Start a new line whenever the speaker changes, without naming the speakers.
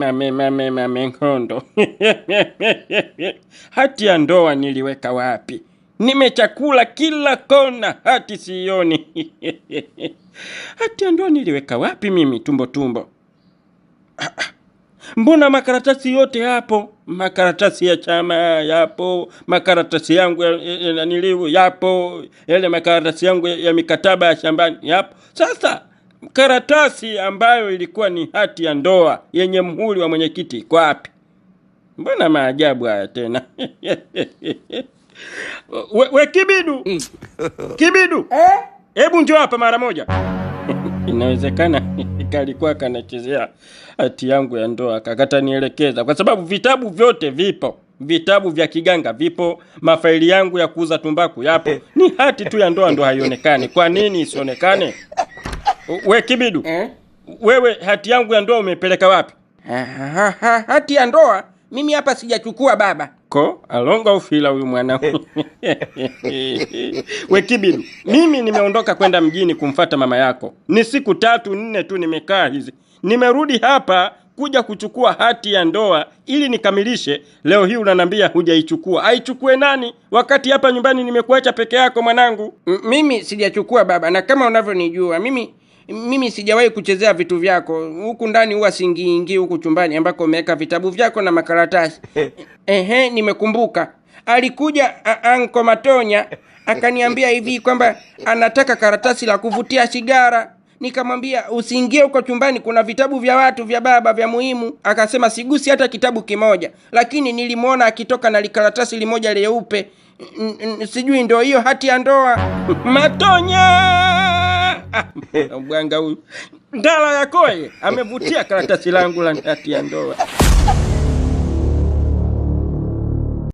Mame, mame, mame ngondo. hati ya ndoa niliweka wapi? Nimechakula kila kona, hati sioni. hati ya ndoa niliweka wapi mimi? Tumbo tumbo, mbona makaratasi yote hapo? Makaratasi ya chama yapo, makaratasi yangu naniliu ya, ya, yapo, yale makaratasi yangu ya mikataba ya shambani yapo. Sasa karatasi ambayo ilikuwa ni hati ya ndoa yenye mhuri wa mwenyekiti iko wapi? Mbona maajabu haya tena! We, we Kibidu, mm. Kibidu, eh? hebu eh, njo hapa mara moja. Inawezekana kalikuwa kanachezea hati yangu ya ndoa, kakatanielekeza kwa sababu vitabu vyote vipo vitabu vya kiganga vipo, mafaili yangu ya kuuza tumbaku yapo, ni hati tu ya ndoa ndo haionekani. Kwa nini isionekane? We Kibidu eh? Wewe hati yangu ya ndoa umepeleka wapi?
Ha, ha, ha, hati ya ndoa mimi hapa sijachukua baba.
Ko alonga ufila huyu mwana we Kibidu, mimi nimeondoka kwenda mjini kumfata mama yako, ni siku tatu nne tu nimekaa hizi, nimerudi hapa kuja kuchukua hati ya ndoa ili nikamilishe. Leo hii unanambia hujaichukua. Aichukue nani wakati hapa nyumbani nimekuacha peke yako mwanangu?
M mimi sijachukua baba, na kama unavyonijua mimi mimi sijawahi kuchezea vitu vyako huku ndani huwa singiingii huku chumbani ambako umeweka vitabu vyako na makaratasi ehe nimekumbuka alikuja anko matonya akaniambia hivi kwamba anataka karatasi la kuvutia sigara nikamwambia usiingie huko chumbani kuna vitabu vya watu vya baba vya muhimu akasema sigusi hata kitabu kimoja lakini nilimwona akitoka na likaratasi limoja leupe sijui ndo hiyo hati ya ndoa matonya mganga huyu ndala yakoye amevutia karatasi langu la ndati ya ndoa.